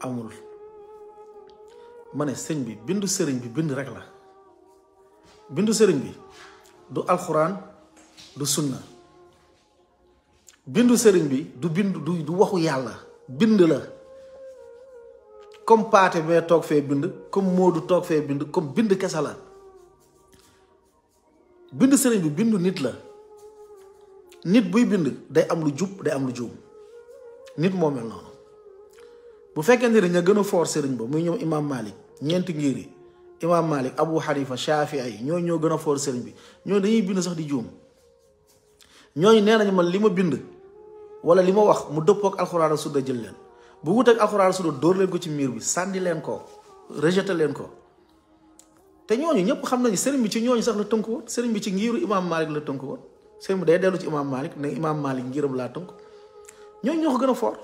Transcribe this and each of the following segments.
amul ma ne sëñ bi bindu sëriñ bi bind rek la bindu sëriñ bi du alxuraan du sunna bindu sëriñ bi du bind du du waxu yàlla bind la comme paate bee toog fee bind comme moodu toog fee bind comme bind kese la bind sëriñ bi bindu nit la nit buy bind day am lu jub day am lu juum nit moo mel noonu bu fekkente ne ña gën a foor sëriñ ba muy ñoom imam malik ñeenti ngir yi imam malik abu xanifa shafii ay ñoo ñoo gën a foor sëriñ bi ñoo dañuy bind sax di juum ñooñu nee nañ li ma bind wala li ma wax mu dëppoo ak jël leen bu wut ak alxuraan sunna ko ci miir bi sànni leen ko rejeté leen ko te ñooñu ñëpp xam nañu sëriñ bi ci ñooñu sax la tënk woon sëriñ bi ci ngiiru imam malik la tënk woon sëriñ bi day dellu ci imam malik ne imam malik ngiram laa tënk ñooñu ñoo ko gën a foor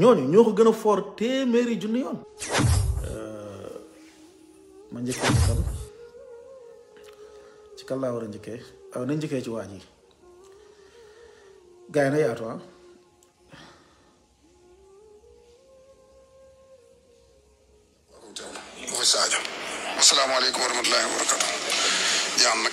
ñooñu ñoo ko gën a foor téeméeri junni yoon ma njëkkee ci kan ci kan laa war a njëkkee waaw nañ njëkkee ci waa ji gars na yaatu ah mooy Sadio asalaamaaleykum wa rahmatullahi wa barakatu ñaan nag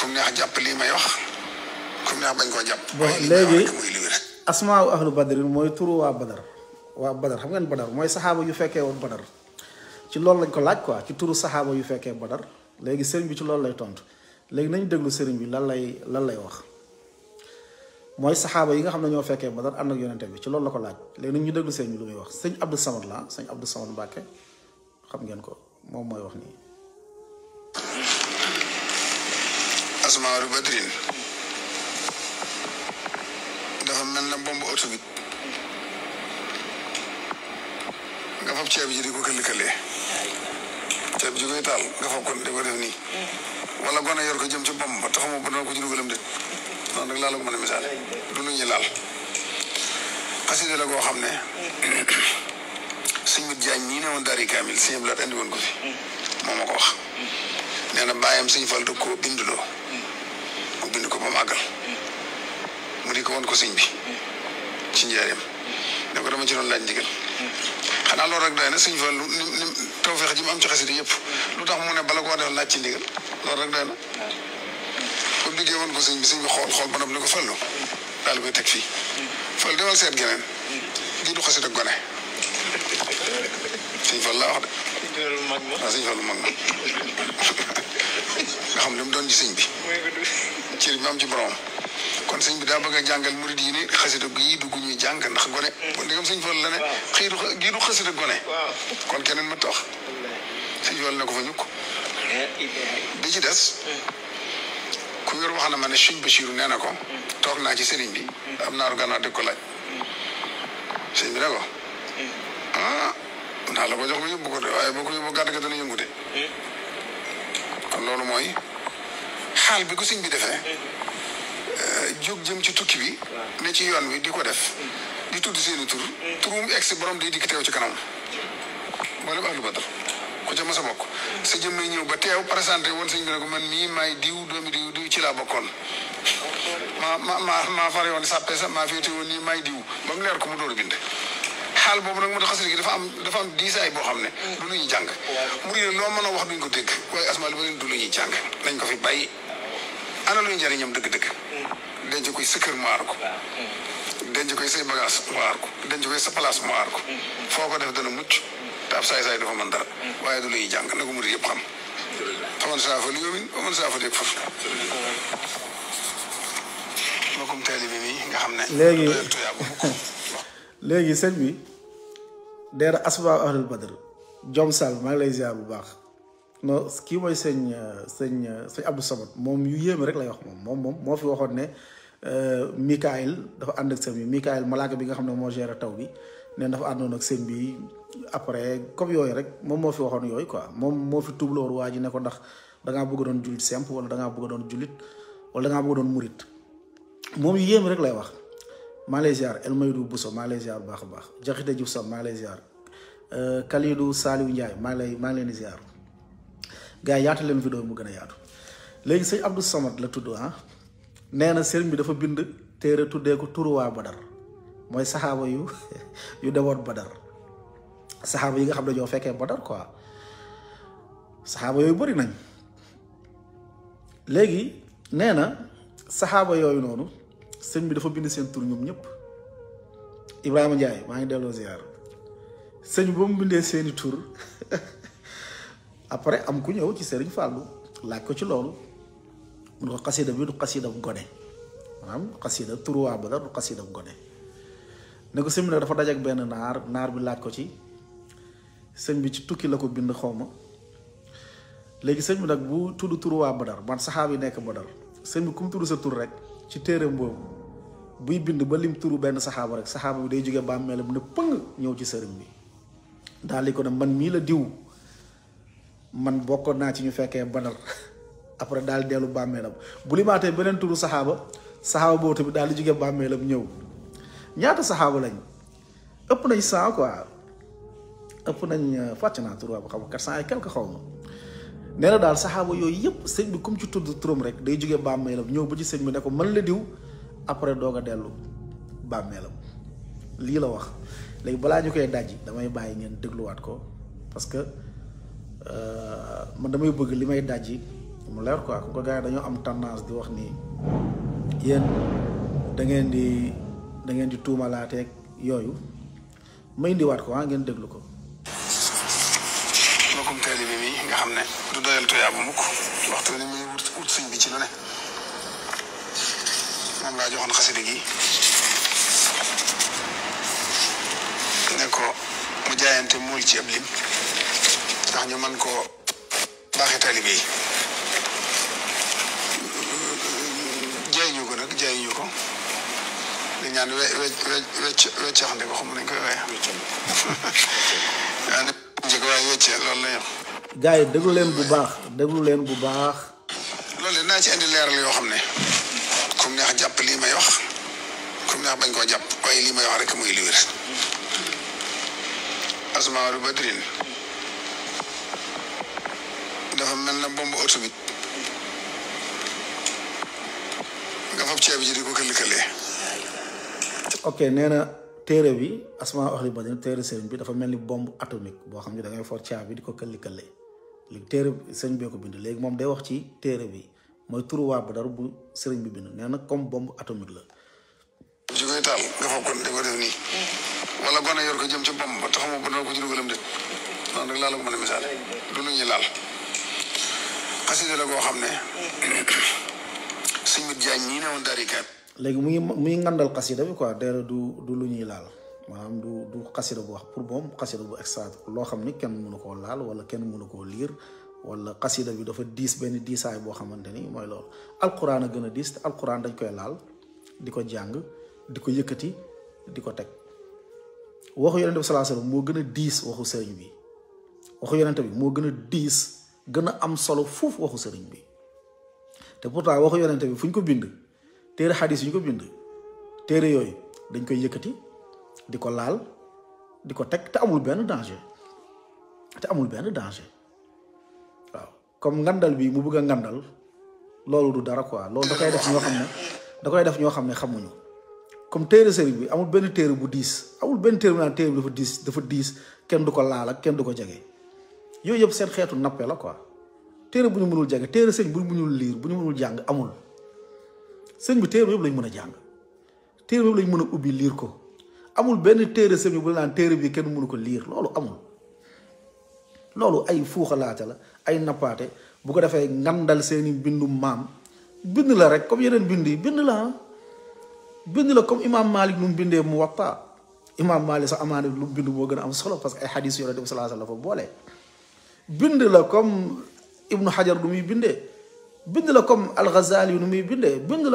kum neex jàpp lii may wax kum neex bañ koo jàpp. bon léegi asmaaw ahlu badrin mooy turu waa badar waa badar xam ngeen badar mooy saxaaba yu fekkee woon badar ci loolu lañ ko laaj quoi ci turu saxaaba yu fekkee badar léegi sëriñ bi ci loolu lay tontu léegi nañ déglu sëriñ bi lan lay lan lay wax mooy saxaaba yi nga xam ne ñoo fekkee badar ànd ak yonente bi ci loolu la ko laaj léegi nañ ñu déglu sëriñ bi lu muy wax sëñ Abdou Samad la sëñ Abdou Samad Mbàkke xam ngeen ko moom mooy wax nii asmaaru badrin dafa mel na bomb oto bi nga fab ceeb ji di ko këlikalee ceeb ji koy taal nga fab kon di ko def nii wala gone yor ko jëm ci bomb ba taxamu ba doon ko ci dugalam noonu rek laa la mën a misaal du lu laal xasida la goo xam ne suñu jaañ ñii ne woon dari kaamil siñu blaat andi woon ko fi moo ma wax nee na bàyyam suñ fal da koo binduloo ba mu àggal mu di ko woon ko sëñ bi ci njaareem ne ko dama ci doon laaj ndigal xanaa loolu rek doy na sëñ Fallu ni ni lu tax mu ne bala koo def laaj ci ndigal loolu rek doy na bu liggéey woon ko sëñ bi sëñ bi xool xool ba noppi ne ko Fallu daal koy teg fii Fallu demal seet geneen gii du xasida gone sëñ Fallu laa wax de Ah, Fallou mag ma waaw mag ma nga xam li mu doon ci sëñ bi. cër bi am ci borom. kon sëñ bi daa bëgg a jàngal murid yi ne xasida gii du gu ñuy jàng ndax gone. kon ndegam sëñ Fallou la ne. xii du gii kon keneen ma tax. sëñ Fallou ne ko fa ñukk. bi ci des. ku yor wax na ma ne sëñ Bachirou nee na ko. toog naa ci sëriñ bi. am naaru gànnaar di ko laaj. Mm. sëñ bi ne ko. Mm. ah. naa la ko jox ba yóbbu ko de waaye boo ko yóbbu gàtt ga dana yëngu de kon loolu mooy xaal bi ko sëñ bi defee eh, jóg jëm ci tukki bi ne ci yoon wi di ko def di tudd seeni tur turum egsi borom day dikk teew ci kanam mboolem ahlu badar ku ca mas a bokk sa jëmmee ñëw ba teew présenté woon sëñ bi ne ko man mii maay diw doomi diw diw ci laa bokkoon ma ma ma fare woon sàppe sa maa féete woon nii maay diw ba mu leer ko mu door bind xaal boobu nag moo tax xasida gi dafa am dafa am boo xam ne. du lu ñuy jàng. mu ne noo mën a wax ko dégg waaye du lu ñuy jàng ko fi bàyyi ana lu ñu njëriñam dëgg-dëgg. denc koy sa ko. denc koy say bagage ko. denc koy sa place ko. foo ko def dana mucc te ab saay-saay dafa mën dara. waaye du lu ñuy jàng yëpp xam. xaman saa fa li saa fa dégg foofu. mbokkum taalibe bi nga xam ne. léegi léegi bi. deer asba ahlul badr jom sall maa ngi lay bu baax non kii mooy sëñ sëñ sëñ Abdou Samad moom yu yéeme rek lay wax moom moom moom moo fi waxoon ne euh, Mikaël dafa ànd ak sëñ bi Mikaël bi nga xam ne moo géré taw bi ne dafa àndoon ak bi après comme yooyu rek moom moo fi waxoon yooyu quoi moom moo fi tubloor waa ji ne ko ndax da bëgg doon jullit semp wala da ngaa bëgg doon julit wala da ngaa bëgg doon murit moom yu yéeme rek lay wax. maa lay ziar El Maydou Bousso maa lay baax a baax Jaxite Diouf Sam maa lay ziar euh, Kalidou Saliou Ndiaye maa lay maa leen di ziar gars yi yaatu leen vidéo mu gën a yaatu léegi sëñ Abdou Samad la tudd ah nee na sëriñ bi dafa bind téere tuddee turwaa turuwaa Badar mooy saxaaba yu yu demoon Badar saxaaba yi nga xam ne joo fekkee Badar quoi saxaaba yooyu bëri nañ léegi nee na saxaaba yooyu noonu. sëñ bi dafa bind seen tour ñoom ñëpp Ibrahima Ndiaye maa ngi delloo ziar sëñ bi ba mu bindee seeni tur après am ku ñëw ci Serigne Fallou laaj ko ci loolu mun ko xasida bi du xasidam gone maanaam xasida turu waa Badar du xasidam gone ne ko sëñ bi nag dafa daj ak benn naar naar bi laaj ko ci sëñ bi ci tukki la ko bind xaw ma léegi sëñ bi nag bu tudd turu waa Badar man saxaar bi nekk Badar sëñ bi ku mu tudd sa tur rek. ci téere boobu buy bind ba lim turu benn saxaaba rek saxaaba bi day jóge bàmmeelam ne pëng ñëw ci sëriñ bi daal di ko ne man mii la diw man bokkoon naa ci ñu fekkee badal après daal dellu bàmmeelam bu limaatee beneen turu saxaaba saxaaba boobu tamit daal di jóge bàmmeelam ñëw ñaata saxaaba lañ ëpp nañ cent quoi ëpp nañ euh, fàcc naa turu ba xam quatre cent et xaw ma nee na daal saxaaba yooyu yëpp sëñ bi comme ci tudd turam rek day jóge bàmmeelam ñëw ba ci sëñ bi ne ko man la diw après doog a dellu bàmmeelam lii la wax léegi balaa ñu koy dajji damay bàyyi ngeen dégluwaat ko parce que euh, man damay bëgg li may dajji mu leer quoi comme que gars yi dañoo am tendance di wax ni yéen da ngeen di da ngeen di tuumalaateeg yooyu ma indiwaat ko waa ah, ngeen déglu ko. mbokkum taalibe bi nga xam ne. du doyal tuyaaba mukk waxtu ni muy wut wut sëñ bi ci lu ne moom laa joxoon xasida gi ne ko mu jaayante mool ci ab ndax ñu man koo baaxe taalibe yi jaay ñu ko nag jaay ñu ko di ñaan we we wecc weccaxante ko xam nañ koy waaye waaye njëkk waaye wecce loolu la yem gaay yi len bu baax déglu len bu baax. lolé na ci indi leral yo xamné ku neex japp li may wax ku neex bañ ko japp way li may wax rek moy li wër asma ru badrin dafa mel na bomb atomique nga fab ci abi di ko këlli-këllee ok nee na téere bi asmaa ahli badrin téere sëriñ bi dafa melni ni bomb atomique bo xamni da ngay for ceeb bi di ko këlli-këllee li téere sëñ bi ko bind léegi mom day wax ci téere bi moy turu wa ba bu sëriñ bi bind nee na comme bombe atomique la. su koy tam nga fa kon di ko def ni wala gona yor ko jëm ci bombe ba te xamoo ba ko ci dugalam déet non rek la la ko mëna a du lu ñuy laal que la go xam ne sëñ bi jañ ni ne dari kat léegi muy muy ngandal qasida bi quoi dara du du lu ñuy laal manam du du xasida bu wax pour moom xasida bu extra lo xamni kenn mënu ko laal wala kenn mënu ko lire wala xasida bi dafa diis ben diisaay boo xamante ni mooy loolu alquran gëna gën a alquran dañ koy laal diko jang diko yëkëti diko tek waxu yaron nabi sallallahu sallam wasallam mo gëna diis waxu serigne bi waxu yaron bi mo gëna a gëna am solo fuf waxu serigne bi te pourtant waxu yaron bi fuñ ko bind téré hadith yu ko bind téré yoy dañ koy yëkëti diko ko laal di ko te amul benn danger te amul benn danger waaw comme ngandal bi mu bëgg a ngandal loolu du dara quoi loolu da koy def ñoo xam ne da koy def ñoo xam ne xamuñu comme téere sëriñ bi amul benn téere bu diis amul benn téere bu naan téere bi dafa diis dafa diis kenn du ko laal ak kenn du ko jege yooyu yëpp seen xeetu nappe la quoi téere bu ñu mënul jàng téere sëñ bu ñu mënul liir bu ñu mënul jàng amul sëñ bi téere yëpp lañ mën a jàng téere yëpp lañ mën a ubbi liir ko amul benn téere semi bu la naan téere bi kenn mënu ko liir loolu amul loolu ay fuuxalaate la ay nappaate bu ko defee ngandal seeni bindu maam bind la rek comme yeneen bind yi bind la ah. la comme imam mu bindee mu waxta imam Malik sax amaane bind moo gën am solo parce que ay xadis yonent bi sallallahu alayhi wasallam la comme ibnu Hajar nu muy bindee bind la comme al-Ghazali nu muy bindee bind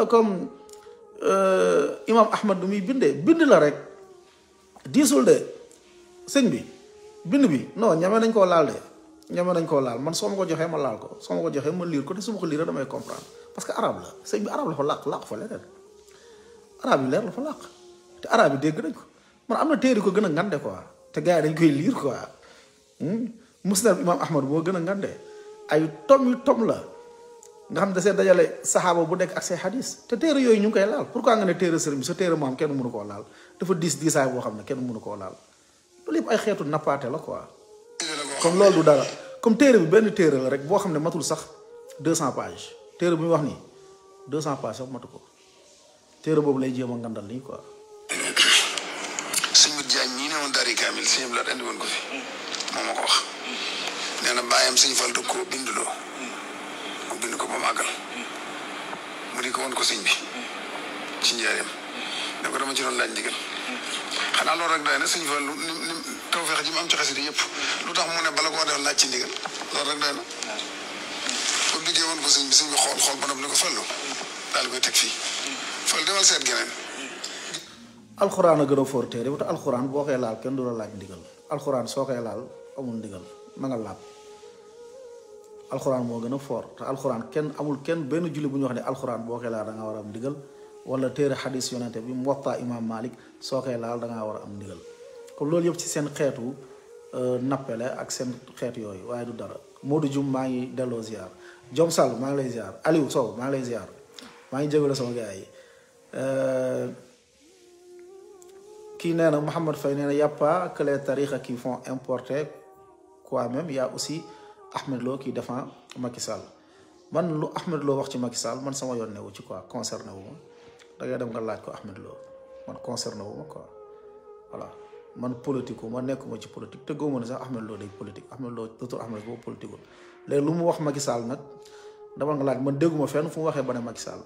la euh, rek diisul de sëñ bi bind bi non ñame nañ koo laal de ñame nañ koo laal man soo ma ko joxee ma laal ko soo ma ko joxee ma liir ko te su ma ko liir damay comprendre parce que arabe la sëñ bi arabe la fa làq làq fa leneen arabe yi leer la fa làq te arabe yi dégg nañ ko man am na téere ko gën a ngande quoi te gars yi dañ koy liir quoi hmm? musnad imam ahmad moo gën a ngande ay tom yu tom la nga xam da see dajale saxaaba bu nekk ak say xadis te téere yooyu ñu ngi koy laal pourquoi nga ne téere kenn mënu koo laal dafa dis dis boo xam ne kenn mënu ko laal loolu yëpp ay xéetu napaté la quoi. comme lolu dara comme téré bi benn téré la rek bo xamne matul sax 200 pages téré bu muy wax ni 200 pages sax matuko téré bobu lay jéem ngandal ni quoi. sëñ bi ni néwon Dari Kamil sëñ bi laat andi woon ko fi moom ko wax néna bayam bàyyam fal Fall dëkk koo bind ko ba magal mu di ko won ko sëñ bi ci njaareem. ne ko ci doon laaj ndigal xanaa loolu mu tax mu ne bala koo laaj ci ndigal ko sëñ daal koy teg fii fal demal seet geneen alxuraan a gën a foor téere bu alxuraan boo koy laal kenn du la laaj ndigal alxuraan soo koy laal amul ndigal na nga laal alxuraan moo gën a foor te alxuraan kenn amul kenn benn julli bu ñu wax ne alxuraan boo koy laal da war am ndigal wala téere xadis yonente bi mu waxtaa imaam Malik soo koy laal da war a am ndigal kon loolu yëpp ci seen xeetu euh, nappele ak seen xeet yooyu waaye du dara Modou Dioum maa ngi delloo ziar Diom maa ngi lay ziar Aliou Sow maa ngi lay ziar maa ngi jégalu sama gars yi euh, kii nee na Mouhamed Faye nee na y' a pas que les tarixa qui font importer quoi même y' a aussi Ahmed Lo qui défend Macky Sall man lu Ahmed Lo wax ci Macky Sall man sama yoon newu ci quoi concerné wu da dem nga laaj ko Ahmed Lo man concerné wu ma quoi voilà man politique ma nekkuma ci politique te góobu ne sax Ahmed Lo day politique Ahmed Lo docteur Ahmed boobu politique wul léegi lu mu wax Macky Sall nag dama nga laaj man dégguma fenn fu mu waxee ba ne Macky Sall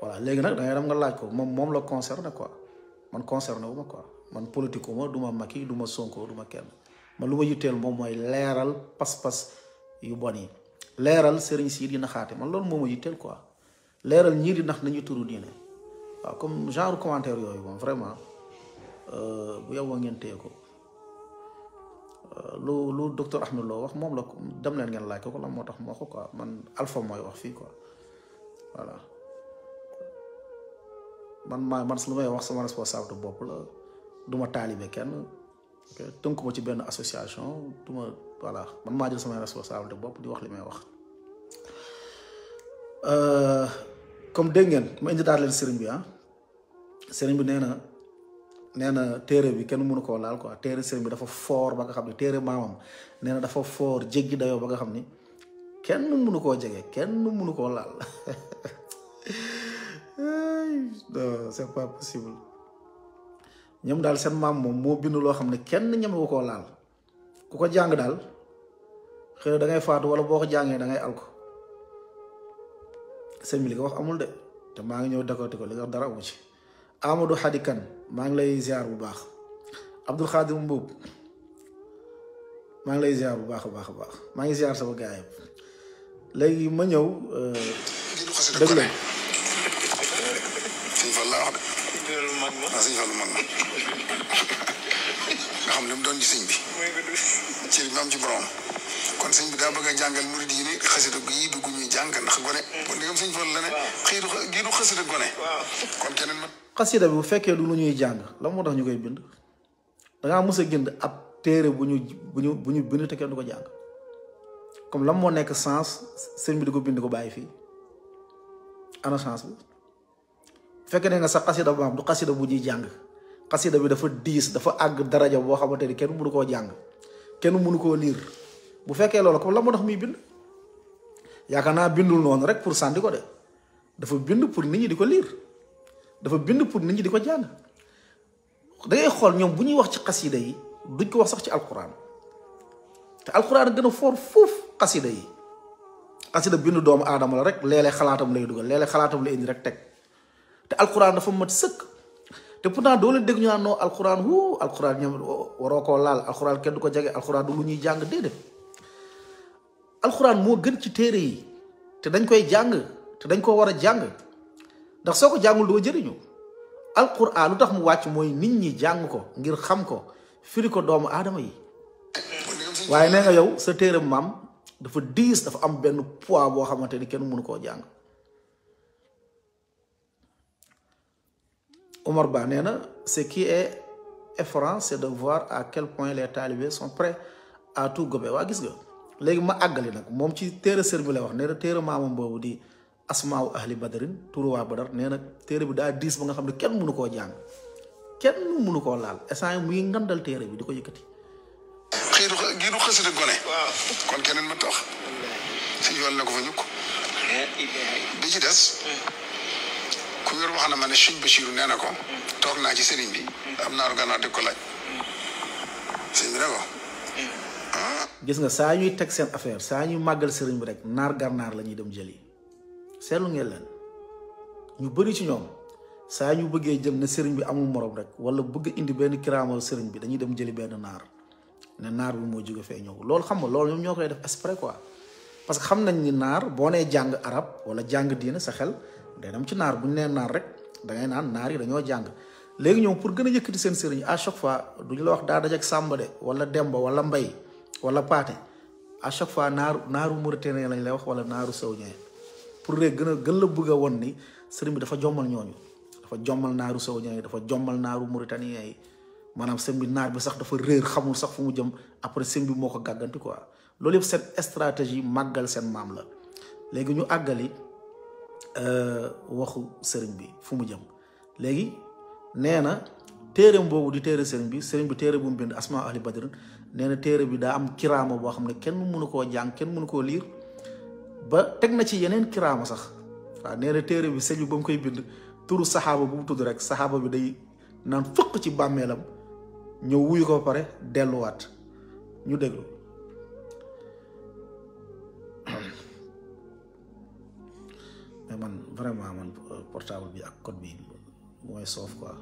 voilà léegi nag da ngay nga laaj ko moom moom la concerné quoi man concerné wu ma quoi man politique ma du ma Macky du ma Sonko du ma kenn man lu ma yitteel moom mooy leeral pas-pas yu bon yi leeral sëriñ si di naxaate man loolu moom ma yitteel quoi. leeral ñii di ndax nañu turu diine waaw comme genre commentaire yooyu moom vraiment euh, bu yow wa ngeen téye ko euh, lu lu docteur Ahmed Lo wax moom la ko dem leen ngeen laaj ko la moo tax moo ko quoi man alpha mooy wax fii quoi voilà man maa man lu may wax sama responsable bopp du ma taalibe kenn tënku ma ci benn association du ma voilà man maa jël samay responsable bopp di wax li may wax euh, comme dégg ngeen ma indi daal leen sëriñ bi ah sëriñ bi nee na nee na téere bi kenn mënu koo laal quoi téere sëriñ bi dafa foor ba nga xam ne téere maamam nee na dafa foor jéggi dayoo ba nga xam ni kenn mënu koo jege kenn mënu koo laal non c'est pas possible ñam daal seen maam moom moo bind loo xam ne kenn ñemewu koo laal ku ko jàng daal xëy da ngay faatu wala boo ko jàngee da ngay alko sëñ bi li wax amul de te maa ngi ñëw décorté ko li dara amu ci Amadou Hadi Kane maa ngi lay ziar bu baax Abdou Khadim mbub maa ngi lay ziar bu baax a baax a baax maa ngi ziar sama gaay léegi ma ñëw euh, dëgg la sëñ Fall laa wax de ah, sëñ nga xam ne mu doon ci sëñ bi kon sëñ bi da bëgg jàngal murid yi ne xasida gi dugg ñuy jàng ndax gone kon digam sëñ Fall la ne xii gi du xasida gone kon keneen ma xasida bi bu fekkee du lu ñuy jàng la moo tax ñu koy bind dangaa mës a gënd ab téere bu ñu bu ñu bu ñu bind te kenn du ko jàng comme lam moo nekk sens sëñ bi di ko bind ko bàyyi fii ana sens bi fekkee nga sa xasida bu am du xasida bu ñuy jàng xasida bi dafa diis dafa àgg daraja boo xamante ni kenn mënu koo jàng kenn mënu koo lire bu fekke loolu ko la mo tax muy bind yakana bindul non rek pour sandi ko de dafa bind pour nit ñi di ko dafa bind pour nit ñi di ko da ngay xol ñom bu ñuy wax ci qasida yi duñ ko wax sax ci alquran te alquran gëna a foor qasida yi qasida bindu doom adam la rek lele xalaatam lay duggal léeg xalaatam lay indi rek tek te alquran dafa mat seuk te pourtant do la deg ñu naan no alquran wuu alquran ñam waroko laal alquran kenn du ko alquran du lu ñuy jang dede alxuraan moo gën ci téere yi te dañ koy jàng te dañ ko war a jàng ndax soo ko jàngul doo jëriñu alxuraan lu tax mu wàcc mooy nit ñi jàng ko ngir xam ko firi ko doomu aadama yi waaye nee yow sa téere maam dafa diis dafa am benn poids boo xamante ni kenn mënu koo jàng Omar Ba nee na ce qui est effrayant c'est de voir à quel point les talibés sont prêts à tout gobe waa gis nga léegi ma àggali nag moom ci téere sër bi la wax nee na téere maamam boobu di asmaaw ahli badarin turu waa badar nee na téere bi daa diis ba nga xam ne kenn munu koo jàng kenn mënu ko laal instant muy ngandal téere bi di ko yëkkati. xëy na gii du xasida gone. waaw kon keneen si yoon na ko fa mm. ku yor wax na ma ne Cheikh Bachirou nee na ko. Mm. toog naa ci sëriñ bi. Mm. am naa gànnaar di ko gis nga saa ñuy teg seen affaire saa ñuy màggal sëriñ bi rek naar gànnaar la ñuy dem jëli seetlu ngeen leen ñu bëri ci ñoom saa ñu bëggee jëm ne sëriñ bi amul morom rek wala bëgg indi benn kiraamal sëriñ bi dañuy dem jëli benn naar ne naar bi moo jóge fee ñëw lool xam nga loolu ñoom ñoo koy def exprès quoi parce que xam nañ ni naar boo nee jàng arab wala jàng diine sa xel day dem ci naar bu ñu nee naar rek dangay naan naar yi dañoo jàng léegi ñoom pour gën a yëkkati seen sëriñ à chaque fois duñu la wax daa daj ak Samba wala Demba wala Mbay wala paate a chaque fois naaru naaru mauritanien lañ lay wax wala naaru sew saoudien pour rek gën a gën la bëgg a won ni sëriñ bi dafa jommal ñooñu dafa jommal naaru saoudien yi dafa jommal naaru mauritanien yi maanaam sëriñ bi naar bi sax dafa réer xamul sax fu mu jëm après sëriñ bi moo ko gàgganti quoi loolu yëpp seen stratégie màggal seen maam la léegi ñu àggali euh, waxu sëriñ bi fu mu jëm léegi nee na téereem boobu di téere sëriñ bi sëriñ bi téere bu mu bind asmaa ahli badrin nee na téere bi daa am kiraama boo xam ne kenn mënu koo jàng kenn mënu koo liir ba teg na ci yeneen kiraama sax waaw nee téere bi sëñ bi ba mu koy bind turu saxaaba bu mu tudd rek saxaaba bi day naan fëq ci bàmmeelam ñëw wuyu ko pare delluwaat ñu déglu mais man vraiment man portable bi ak code bi mooy soof quoi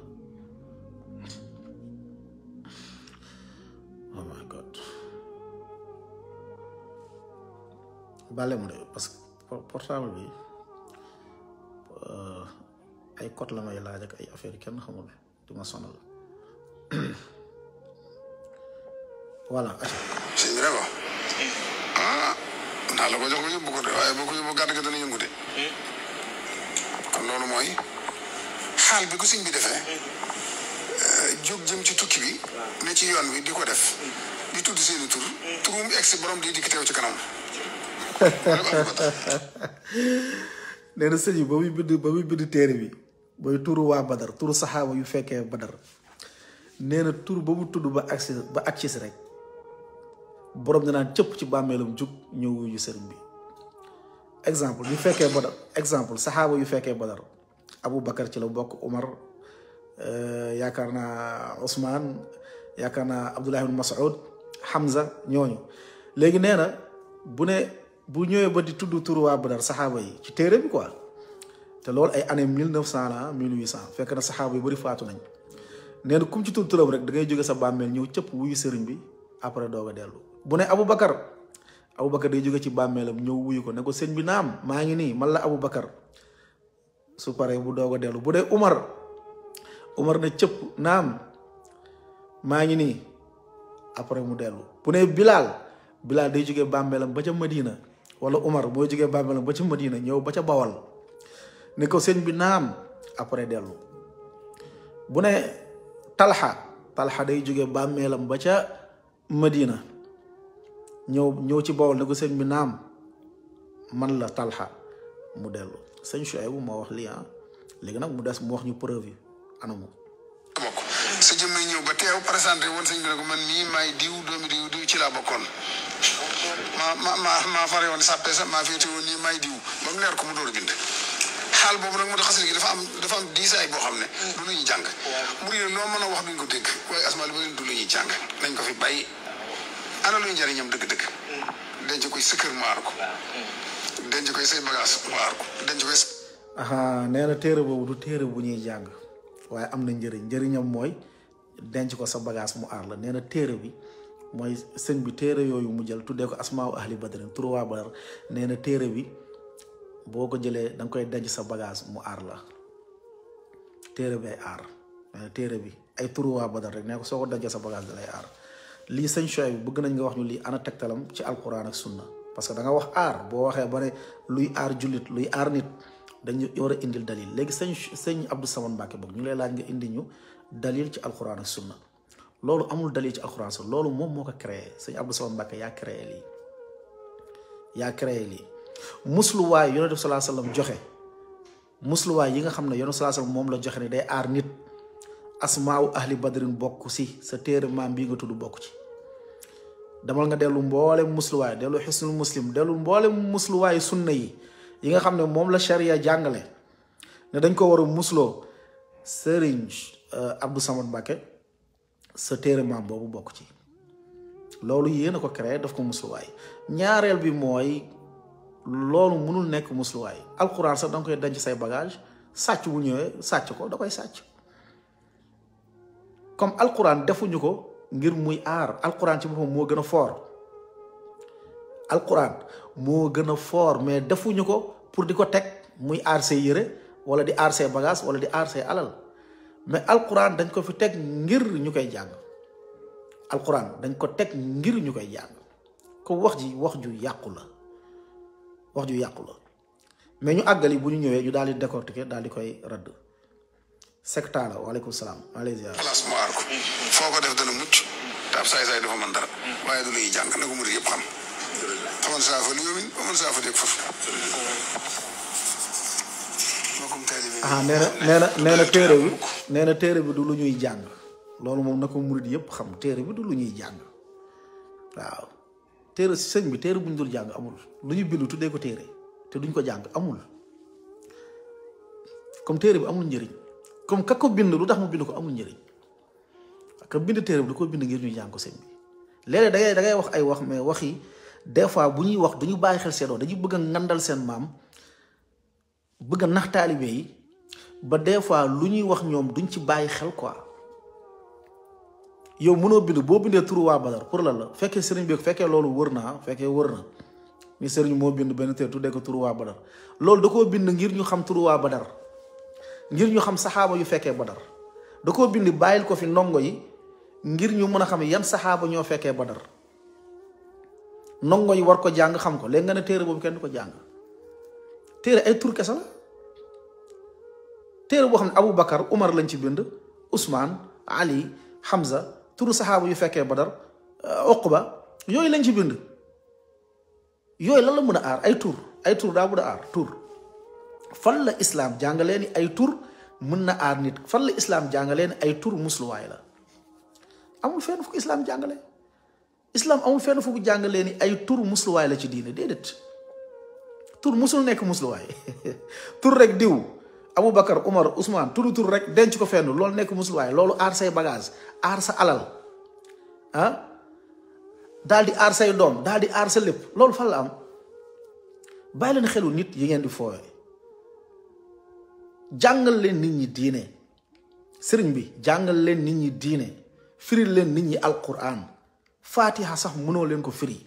oh my god bàle de parce que portable bi euh, ay code la may laaj ak ay affaire kenn xamul du sonal voilà. sëñ bi d'accord. ah naa la ko jox ko yóbbu ko de waaye boo ko yóbbu gàtt gi dana yëngu de. Eh. kon loolu mooy xaal bi ko sëñ bi defee. Eh. jóg jëm ci tukki bi ne ci yoon wi di ko def di tudd seeni tur turum egsi borom di dikk ci kanam nee na bi ba muy bind ba muy bind téere bi mooy turu waa badar turu saxaaba yu fekkee badar nee na tur ba mu tudd ba agsi ba agsi rek borom da naan cëpp ci bàmmeelam jug ñëw wuñu sëriñ bi exemple yu fekkee badar exemple saxaaba yu fekkee badar abou bakar ci la bokk omar Eh, yaakaar naa Ousmane yaakaar naa Abdullah ibn Mas'ud Hamza ñooñu léegi nee na bu ne bu ñëwee ba di tudd turu waa Badar saxaaba yi ci téere bi quoi te loolu ay année mille cent la mille huit cent fekk na saxaaba yu bari faatu nañ nee na kum ci tudd turam rek da ngay jóge sa bàmmeel ñëw cëpp wuyu sëriñ bi après doog a dellu bu ne Aboubacar Aboubacar day jóge ci bàmmeelam ñëw wuyu ko ne ko sëñ bi naam maa ngi nii man la Aboubacar su paree bu doog a dellu bu dee Umar. Umar ne cëpp naam maa ngi nii après mu dellu bu Bilal Bilal day jógee bàmmeelam ba ca Madina wala Umar mooy jógee bàmmeelam ba ca Madina ñëw ba ca Bawal ne ko sëñ bi naam après dellu bu ne Talha talha day jógee bàmmeelam ba ca Madina ñëw ñëw ci Bawal ne ko sëñ bi naam man la talha mu dellu sëñ Chouaïbou moo wax lii ah léegi nag mu des mu wax ñu preuve anamu bokk sa jëmmay ñëw ba teew présenté woon sëñ bi ne ko man mii maay diw doomi diw diw ci laa bokkoon ma ma ma maa fare woon sàppe sa maa féete woon nii maay diw ba leer ko mu door bind xaal boobu nag moo tax xasida gi dafa am dafa am diisaay boo xam ne du lu ñuy jàng mu loo mën a wax duñ ko dégg waaye asmaa li ba du lu ñuy jàng nañ ko fi bàyyi ana luy njëriñam dëgg-dëgg denc koy sëkkër mu ko denc koy say bagage mu aar ko denc koy nee na téere boobu du téere bu ñuy jàng waaye am na njëriñ njëriñam mooy denc ko sa bagage mu aar la nee na téere bi mooy sëñ bi téere yooyu mu jël tuddee ko asmaaw ahli badrin turu waa badar nee na téere bi boo ko jëlee da koy denc sa bagage mu aar la téere bay aar téere bi ay turu waa badar rek nee soo ko denc sa bagage da lay aar lii sëñ Choy bi bëgg nañ nga wax ñu lii ana tegtalam ci alquran ak sunna parce que da nga wax aar boo waxee ba ne luy aar jullit luy aar nit dañu war a indil dalil léegi sëñ sëñ Abdou Samane Mbacke boog ñu lay laaj nga indi ñu dalil ci alxuraan ak sunna loolu amul dalil ci alxuraan sunna loolu moom moo ko créé sëñ Abdou Samane Mbacke yaa créé lii yaa créé lii musluwaay yonent bi salaa sallam joxe musluwaay yi nga xam ne yonent salaa moom la joxe ne day aar nit asmaawu ahli badrin bokk si sa téere maam bii nga tudd bokk ci damal nga dellu mboolem musluwaay dellu xisnul muslim dellu mboolem musluwaayu sunna yi yi nga xam ne moom la charia jàngale ne dañ ko war a musloo sëriñ euh, Abdou Samad Mbacké sa téere boobu bokk ci loolu yéen ko créé daf ko musluwaay ñaareel bi mooy loolu mënul nekk musluwaay alxuraan sax da koy denc say bagage sàcc bu ñëwee sàcc ko da koy sàcc comme alxuraan defuñu ko ngir muy aar alxuraan ci boppam moo gën a fort alxuraan mo gëna fort mais defuñu ko pour di tek muy aar yéré wala di aar bagage wala di aar alal mais alquran dañ ko fi tek ngir ñukay jang jàng alquran dañ ko tek ngir ñukay jang ko wax ji wax ju yaqku la wax ju yaqku la mais ñu agali bu ñu ñëwee ñu dal di décortiquer dal di koy radd secta la waaleykum salaam alayhi xalaas mu aar ko foo ko def dana mucc tab say say dafa man dara waye du lay jang na ko yëpp xam faman saafa li yomin faman téere bi du lu ñuy jàng loolu moom na ko murit yëpp xam téere bi du lu ñuy jàng waaw téere si sëñ bi téere bu ñu dul jàng amul lu ñu bind tuddee ko téere te duñ ko jàng amul comme téere bi amul njëriñ comme ka ko bind lu tax mu bind ko amul njëriñ ka bind téere bi du ko bind ngir ñuy jàng ko sëñ bi léeg-léeg da wax ay wax mais wax des fois bu ñuy wax du ñu bàyyi xel seen dañuy bëgg a ngandal seen maam bëgg nax taalibe yi ba des fois lu ñuy wax ñoom duñ ci bàyyi xel quoi yow mënoo bind boo bindee turu waa Badar pour lan la fekkee sëriñ bi fekkee loolu wër naa fekkee wër na ni sëriñ moo bind benn téere tuddee ko turu waa Badar loolu da koo bind ngir ñu xam turu waa Badar ngir ñu xam saxaaba yu fekkee Badar da koo bind bàyyil ko fi ndongo yi ngir ñu mën a xam yan saxaaba ñoo fekkee Badar. ndongo yi war ko jàng xam ko léegi nga ne téere boobu kenn ko jàng téere ay tur kese téere boo xam ne abu bakar Umar lañ ci bind Ousmane Ali Hamza turu saxaaba yu fekkee Badar euh, Uqba yooyu lañ ci bind yooyu lan mën a aar ay tur ay tur daa mën a aar tur fan la islaam jàngalee ni ay tur mën na aar nit fan la islaam jàngalee ni ay tur musluwaay la amul fenn fu ko islaam jàngale islam amul fenn fu bu jàngalee ni ay tur musluwaay la ci diine déedéet tur musul nekk musluwaay tur rek diw Aboubacar Omar Ousmane turu tur rek denc ko fenn loolu nekk musluwaay loolu aar say bagage alal ah daal di aar daal di aar lépp loolu fan am bàyyi leen xelu nit yi ngeen di fooy jàngal leen nit ñi diine sëriñ bi jàngal leen nit ñi diine firil leen nit ñi alquran faatiha sax mënoo leen ko firi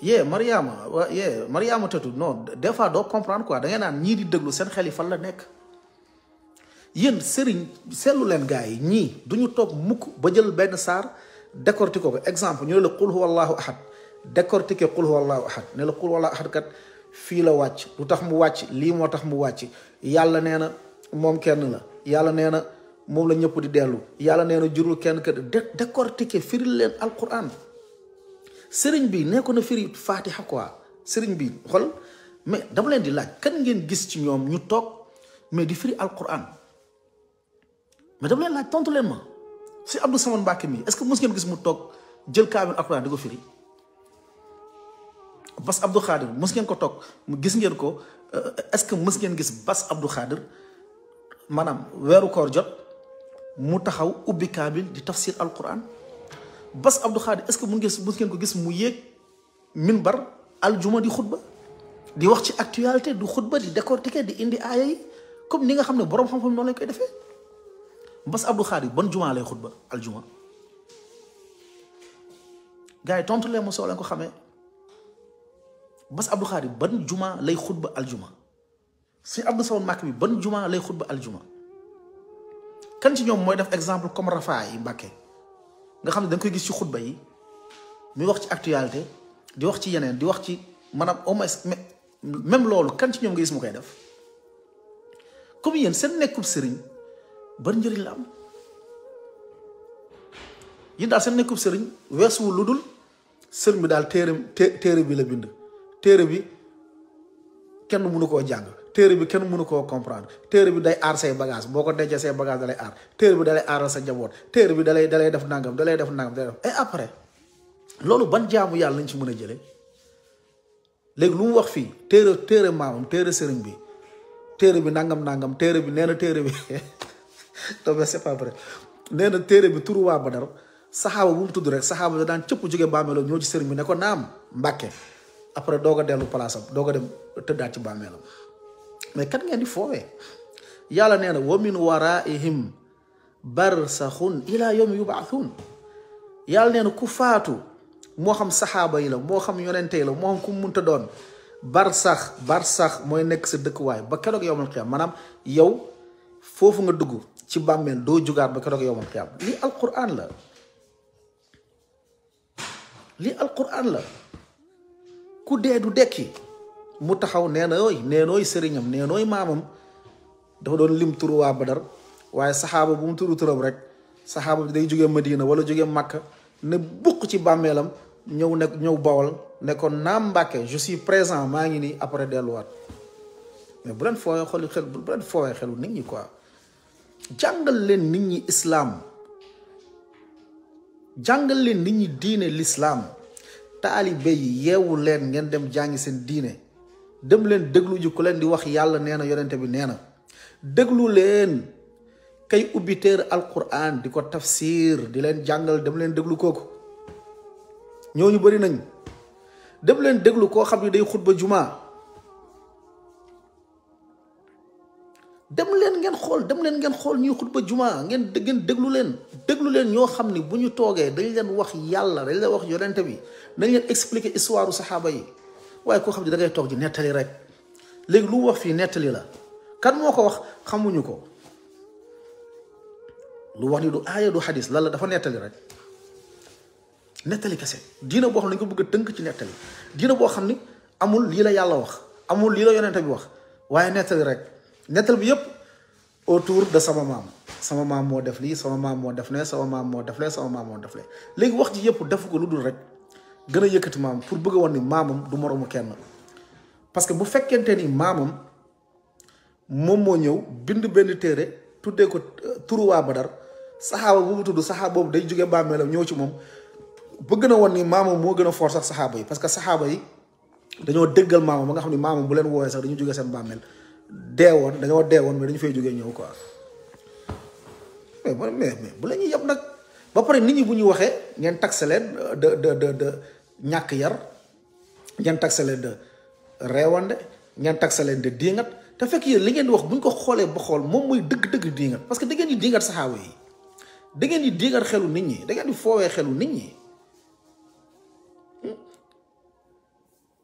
yée mariama yee mariama tëtu non des fois doo comprendre quoi da ngay naan ñii di déglu seen xel yi fan la nekk yéen sëriñ seetlu leen gars yi ñii du ñu toog mukk ba jël benn saar décortiquer ko exemple ñu ne la qul huwallahu ahad décortiquer qul huwallahu ahad ne la qul huwallahu ahad fii la wàcc lu tax mu wàcc lii moo tax mu wàcc yàlla nee na moom kenn la yàlla nee na moom la ñëpp di dellu yàlla nee na jurul kenn que de décortiquer firil leen alquran sëriñ bi nekkoon na firi fatiha quoi sëriñ bi xool mais dama leen di laaj kan ngeen gis ci ñoom ñu toog mais di firi alquran mais dama leen laaj tontu leen ma si Abdou Samane Mbacké mi est-ce que mos ngeen gis mu toog jël kaamil alquran di ko firi Bas Abdou Khadir mos ngeen ko toog mu gis ngeen ko euh, est-ce que mës ngeen gis Bas Abdou Khadir maanaam weeru koor jot. mu taxaw ubbi kaamil di tafsir alquran bas abdou xaadi est ce que mun ngeen mun ngeen ko gis mu yéeg minbar aljuma di xutba di wax ci actualité du xutba di décortiquer di indi aaya yi comme ni nga xam ne borom xam-xam noonu lañ koy defee bas abdou xaadi ban juma lay xutba aljuma gars yi tontu lee ma soo leen ko xamee bas abdou xaadi ban juma lay xutba aljuma si abdou sawoon màkk bi ban juma lay xutba aljuma kan ci ñoom mooy def exemple comme Rafa yi Mbàkke nga xam ne da nga koy gis ci xutba yi muy wax ci actualité di wax ci yeneen di wax ci maanaam au moins même loolu kan ci ñoom nga gis mu koy def comme yéen seen nekkub sëriñ ban njëriñ la am yéen daal seen nekkub sëriñ weesuwul lu dul sëriñ bi daal téere téere bi la bind téere bi kenn mënu koo jàng téere bi kenn mënu koo comprendre téere bi day aar say bagage boo ko dencee say bagage dalay aar téere bi dalee aaral sa njaboot téere bi dalay dalay def nangam dalay def nangam après loolu ban jaamu yàlla lañ ci mën a jëlee léegi lu wax fii téere téere maamam téere sëriñ bi téere bi nangam nangam téere bi nee na téere bi non mais c'est pas na téere bi turu waa Badar saxaaba bu mu tudd rek saxaaba da daan cëpp jóge bàmmeelam ñoo ci sëriñ bi ne ko naam mbàkke après doo dellu palaasam doo ko dem tëddaat ci bàmmeelam mais kat ngeen di foowee yàlla nee na wa min waraihim barsaxun ila yawmi yubaathuun yàlla nee ku faatu moo xam saxaaba yi la moo xam yonente yi la moo xam ku munta doon barsax barsax mooy nekk sa dëkkuwaay ba keroog yowmal xiyaam maanaam yow foofu nga dugg ci bàmmeel doo jugaat ba keroog yowmal xiyaam lii alquran la la ku dee du dekki mu taxaw nee na neenooy nee nooy sëriñam nee maamam dafa doon lim turu waa Badar waaye saxaaba bu mu turu turam rek saxaaba bi day jóge Madina wala jóge Makka ne bukk ci bàmmeelam ñëw ne ñëw bawal ne ko naam Mbàkke je suis présent maa ngi nii après delluwaat mais bu leen fooyee xolu xel bu xelu nit ñi quoi jàngal leen nit ñi islaam jàngal leen nit ñi diine lislaam taalibe yi yeewu leen ngeen dem jàngi seen diine dem leen déglu ji leen di wax yàlla nee na yonente bi nee na déglu leen kay ubbi téere alquran di ko tafsir di leen jàngal dem leen déglu ñoo ñu bari nañ dem leen déglu koo xam ne day xutba jumaa dem leen ngeen xool dem leen ngeen xool ñuy xutba jumaa ngeen ngeen déglu leen déglu leen ñoo xam ni bu ñu toogee dañ leen wax yàlla dañ leen wax yonente bi nañ leen expliquer histoire u saxaaba yi waaye koo xam ne da ngay toog ji nettali rek léegi lu mu wax fii nettali la kan moo ko wax xamuñu ko lu wax ni du aaya du xadis lan la dafa nettali rek nettali kese diina boo xam ne ko bëgg a tënk ci nettali diina boo xam ni amul lii la yàlla wax amul lii la yonente bi wax waaye nettali rek nettali bi yépp autour de sama maam sama maam moo def lii sama maam moo def ne sama maam moo def lee sama maam moo def lee léegi wax ji yépp defu ko lu dul rek gën a yëkkati maam pour bëgg a wan ni maamam du moroomu kenn parce que bu fekkente ni maamam moom moo ñëw bind benn téere tuddee ko euh, turu waa Badar saxaaba bu mu tudd saxaaba boobu day jóge bàmmeelam ñëw ci moom bëgg na wan ni maamam moo gën a fort sax saxaaba yi parce que saxaaba yi dañoo déggal maamam ba nga xam ne maamam bu leen woowee sax dañu jóge seen bàmmeel deewoon dañoo deewoon mais dañu fay jógee ñëw quoi mais mais mais bu la ñuy nag ba pare nit ñi bu ñu waxee ngeen taxe leen euh, de de de de ñàkk yar ngeen taxé leen de reewande ngeen taxé leen de diingat te fekk yéen li ngeen di wax bu ñu ko xoolee ba xool moom mooy dëgg-dëgg diingat parce que da ngeen di diingat saxaaba yi da ngeen di diingat xelu nit ñi da ngeen di foowee xelu nit ñi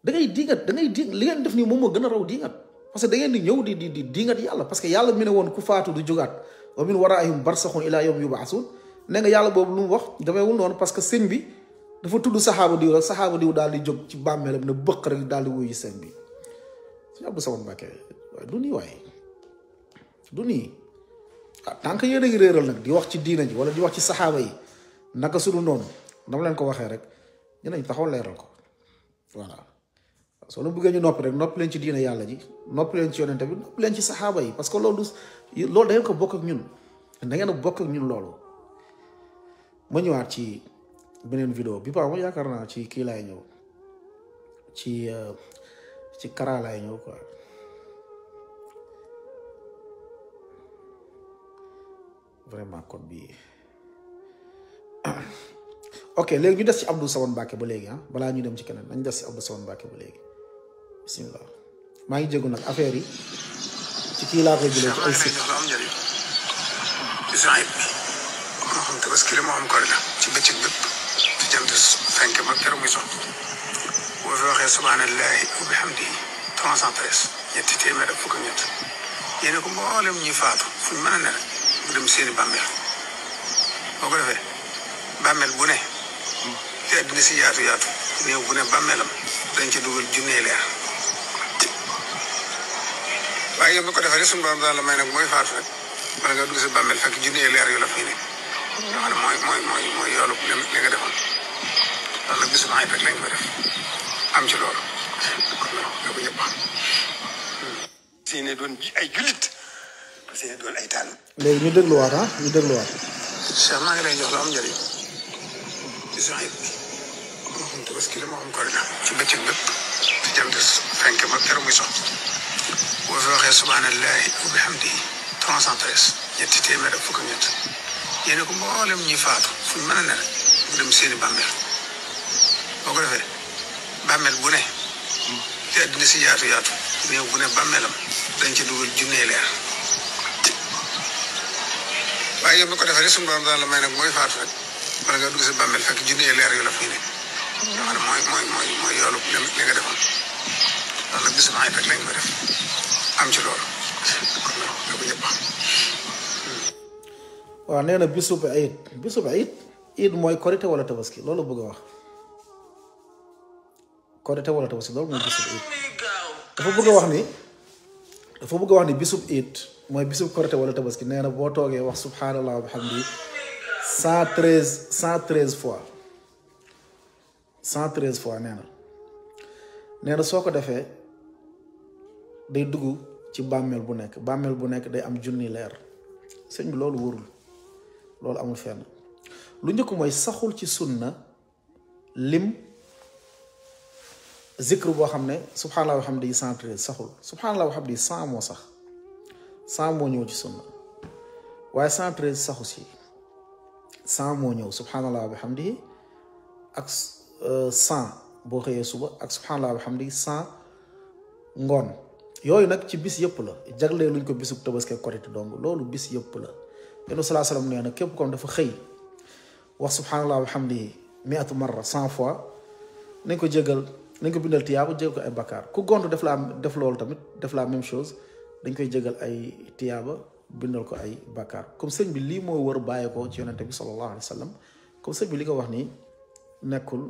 da ngay diingat da moom moo gën a raw diingat parce que da ngeen di ñëw di di di diingat yàlla parce que yàlla mi ne woon ku faatu du jógaat wa min waraahum barsaxun ilaa yawm yubaasun ne nga yàlla boobu lu mu wax dafay wul noonu parce que sëñ bi dafa tudd saxaaba diw rek saxaaba daal di jóg ci bàmmeelam ne bëq rek daal di wuyu sëñ bi sëñ Abdou Samad Mbacké waaye du nii waaye du nii ah tant que yéen a ngi réeral nag di wax ci diina ji wala di wax ci saxaaba yi naka su dul noonu dama leen ko waxee rek dinañ taxaw leeral ko voilà soo leen bëggee ñu noppi rek noppi leen ci diina yàlla ji noppi leen ci yonente bi noppi leen ci saxaaba yi parce que loolu loolu da ko bokk ak ñun da ngeen bokk ak ñun loolu ma ñëwaat ci. benen video bi ba ma yaakaar naa ci ki lay ñew ci eh, ci kara lay ñew quoi vraiment code bi ok légui ñu dess ci Abdou Samad Mbacké ba légui hein bala ñu dem ci kenen nañ dess ci Abdou Samad Mbacké ba légui bismillah ma ngi jéggu nak affaire yi ci ki la koy ci ay si Israël bi moo xam tabaski la moo xam koor la ci bëccëg bépp 5 bakteer muy sox boo fi waxee subhaanallaahi wa bihamdihi 313 ñetti téeméer ak fukk ñett yéene ko mboolem ñuy faatu fu ñu mën a ne rek mu dem seeni bàmmeel boo ko defee bàmmeel bu ne li àddina si yaatu yaatu néew bu ne bàmmeelam dañ ci dugal junne leer waaye yow mi ko defee rek suñu borom daal la may nag mooy faatu rek wala nga dugg si bàmmeel fekk junne leer yu la fii ne yoo xam ne mooy mooy mooy mooy yoolu li nga defoon ndax gisu naa ay fekk lañ ko def am ci loolu kon nag na ko ñëpp xam. seen i doon ay jullit seen i doon ay taal. léegi ñu dégluwaat ah ñu dégluwaat. Cheikh maa ngi lay jox lu am njëriñ ci saa yi moo xam tabaski la moo xam koor la ci bëccëg bépp di jëm di fenk ma kero muy sox boo fi waxee subhanallahi wa bihamdihi trois cent treize ñetti téeméer ak fukk ak ñett yéen a ko mboolem ñuy faatu fu ñu mën a ne rek mu dem seeni bàmmeel boo ko defee bàmmeel bu ne li àddina si yaatu yaatu néew bu ne bàmmeelam dañ ci dugal junnee leer waaye yow mi ko defee rek suñu borom daan la may nag mooy faatu rek wala nga dugg si bàmmeel fekk junnee leer yu la fi ne yoo mooy mooy mooy mooy yoolu li nga defoon loolu nag bisimilah rek am ci loolu kon nag da ko ñëpp waaw nee na iid mooy korite wala tabaski loolu bëgg a wax korite wala tabaski loolu mooy bisub iid dafa bëgg a wax ni dafa bëgg a wax ni bisub iid mooy bisub korite wala tabaski nee na boo toogee wax subhanallah wa bihamdi cent treize cent treize fois cent treize fois nee na nee na soo ko defee day dugg ci bàmmeel bu nekk bàmmeel bu nekk day am junni leer sëñ bi loolu wóorul loolu amul fenn lu njëkk mooy saxul ci sunna lim zikr boo xam ne subhanallah wa hamdi cent treize saxul subhanallah wa hamdi cent moo sax cent moo ñëw ci sunna waaye cent treize saxu si cent moo ñëw subhanallah wa hamdi ak cent boo xëyee suba ak subhanallah wa hamdi cent ngoon yooyu nag ci bis yëpp la jaglee luñ ko bisub tabaski korite dong loolu bis yëpp la yéen salaa salaam nee na képp koom dafa xëy wax subhanallah wa hamdi miatu marra cent fois nañ ko jégal nañ ko bindal tiyaabu jégal ko ay bakkaar ku gontu def laa def loolu tamit def la même chose dañ koy jégal ay tiyaaba bindal ko ay bakkaar comme sëñ bi lii moo wër bàyyi ko ci yonente bi sallallahu alayhi wa sallam comme sëñ bi li ko wax nii nekkul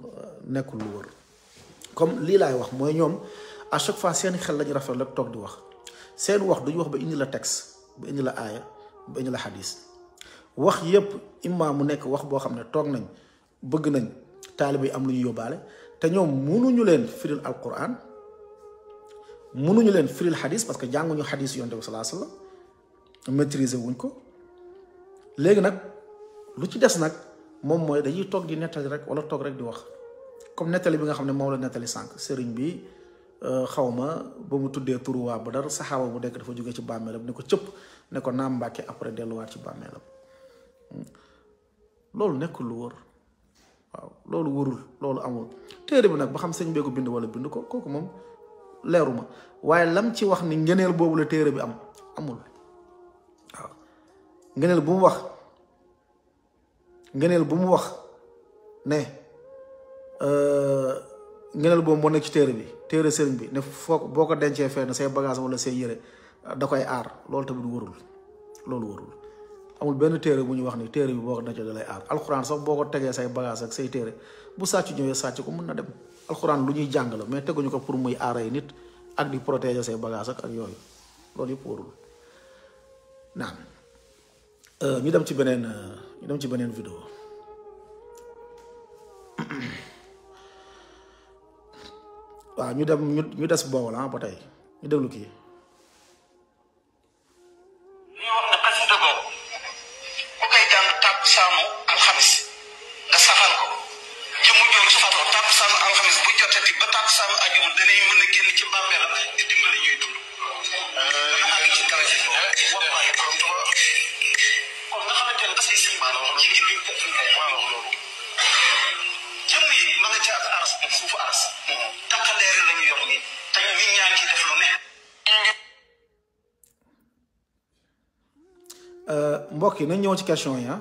nekkul lu wër comme lii laay wax mooy ñoom à chaque fois seen xel lañu rafet la toog di wax seen wax duñu wax ba indi la texte ba indi la aaya ba indi la xadis wax yépp imma mu nekk wax boo xam ne toog nañ bëgg nañ taalibe yi am lu ñu te ñoom munuñu leen firil alquran munuñu leen firil xadis parce que jànguñu xadis yonte bi salaa sallam wuñ ko léegi nag lu ci des nag moom mooy dañuy toog di nettali rek wala toog rek di wax comme nettali bi nga xam ne moom la nettali sànq sëriñ bi euh, xaw ma ba mu tuddee turu waa Badar saxaaba bu nekk dafa jóge ci bàmmeelam ne ko cëpp ne ko naam mbàkke après delluwaat ci bàmmeelam hmm. loolu nekk lu wër waaw loolu wërul loolu amul téere bi nag ba xam sëñ bee ko bind wala bind ko kooku moom leeru ma waaye lam ci wax ni ngëneel boobu la téere bi am amul waaw bu mu wax ngëneel bu mu wax ne euh, ngëneel boobu moo nekk ci téere bi téere sëriñ bi ne foo boo ko dencee fenn say bagage wala say yére da koy aar loolu tamit warul loolu warul amul benn téere bu ñu wax ni téere bi boo ko dajoo da lay aar alxuraan sax boo ko tegee say bagage ak say téere bu sàcc ñëwee sàcc ko mun na dem alxuraan lu ñuy jàng la mais teguñu ko pour muy aaray nit ak di protéger say bagage ak ak yooyu loolu yëpp warul naam euh, ñu dem ci beneen euh, ñu dem ci beneen vidéo waaw ñu dem ñu des boowal ah ba tey ñu déglu kii France. takk leer la ñu yor nii te ñun ñaa ngi ciy def lu ne. Euh, mbokk yi nañu ñëw ci question yi ah.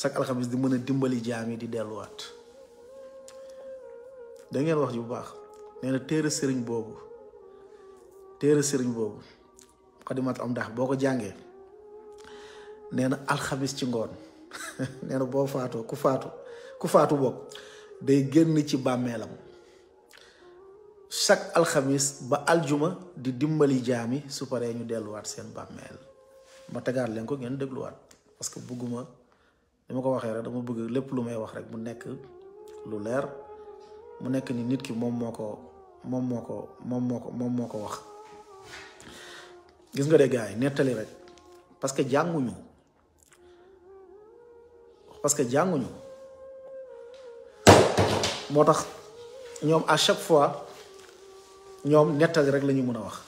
chaque alxamis di mën a dimbali jaam yi di delluwaat da wax ji bu baax nee na téere sëriñ boobu téere sëriñ boobu xadimat am ndax boo ko jàngee nee na alxamis ci ngoon nee boo faatoo ku faatu ku faatu bokk day génn ci bàmmeelam chaque alxamis ba aljuma di dimbali jaami su paree ñu delluwaat seen bàmmeel ma leen ko ngeen dégluwaat parce bugguma dama ko waxee rek dama bëgg lépp lu may wax rek mu nekk lu leer mu nekk ni nit ki moom moo ko moom moo ko moom moo ko moom moo ko wax gis nga de gars yi nettali rek parce que jànguñu parce que jànguñu moo tax ñoom à chaque fois ñoom nettali rek la ñu mën a wax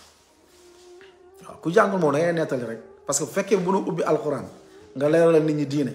waaw ku jàngul moom da ngay nettali rek parce que bu fekkee mënu ubbi nga nit ñi diine.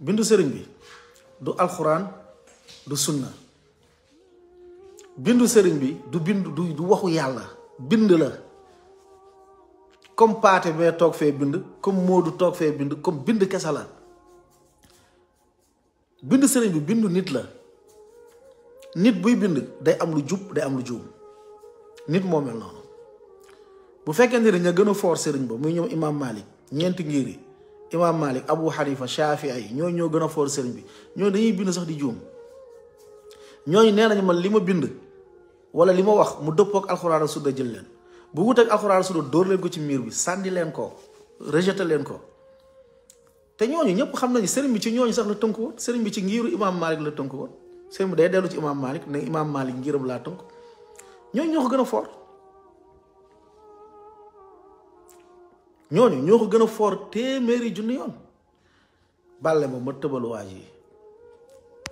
bindu sëriñ bi du alxuraan du sunna bindu sëriñ bi du bindu du waxu yàlla bind la comme paate mais toog fee bind comme moodu toog fee bind comme bind kese la bind sëriñ bi bindu nit la nit buy bind day am lu jub day am lu juum nit moo mel noonu bu fekkente ne ña gën a foor sëriñ ba muy ñoom imaam Malik ñeenti ngir yi imaam Malik Abu Hanifa Shafi ay ñooñu ñoo gën a foor sëriñ bi ñooñu dañuy bind sax di juum ñooñu nee nañu man li ma bind wala li ma wax mu dëppoo ak alxuraan sudda jël leen bu wut ak alxuraan sudda dóor leen ko ci miir bi sànni leen ko rejeté leen ko te ñooñu ñëpp xam nañu sëriñ bi ci ñooñu sax la tënk woon sëriñ bi ci ngiiru imaam Malik la tënk woon sëriñ bi day dellu ci imaam Malik ne imaam Malik ngiiram laa tënk ñooñu ñoo ko gën a foor ñooñu ñoo ko gën a foor téeméeri junni yoon bàlle moom ma tëbal waaj yi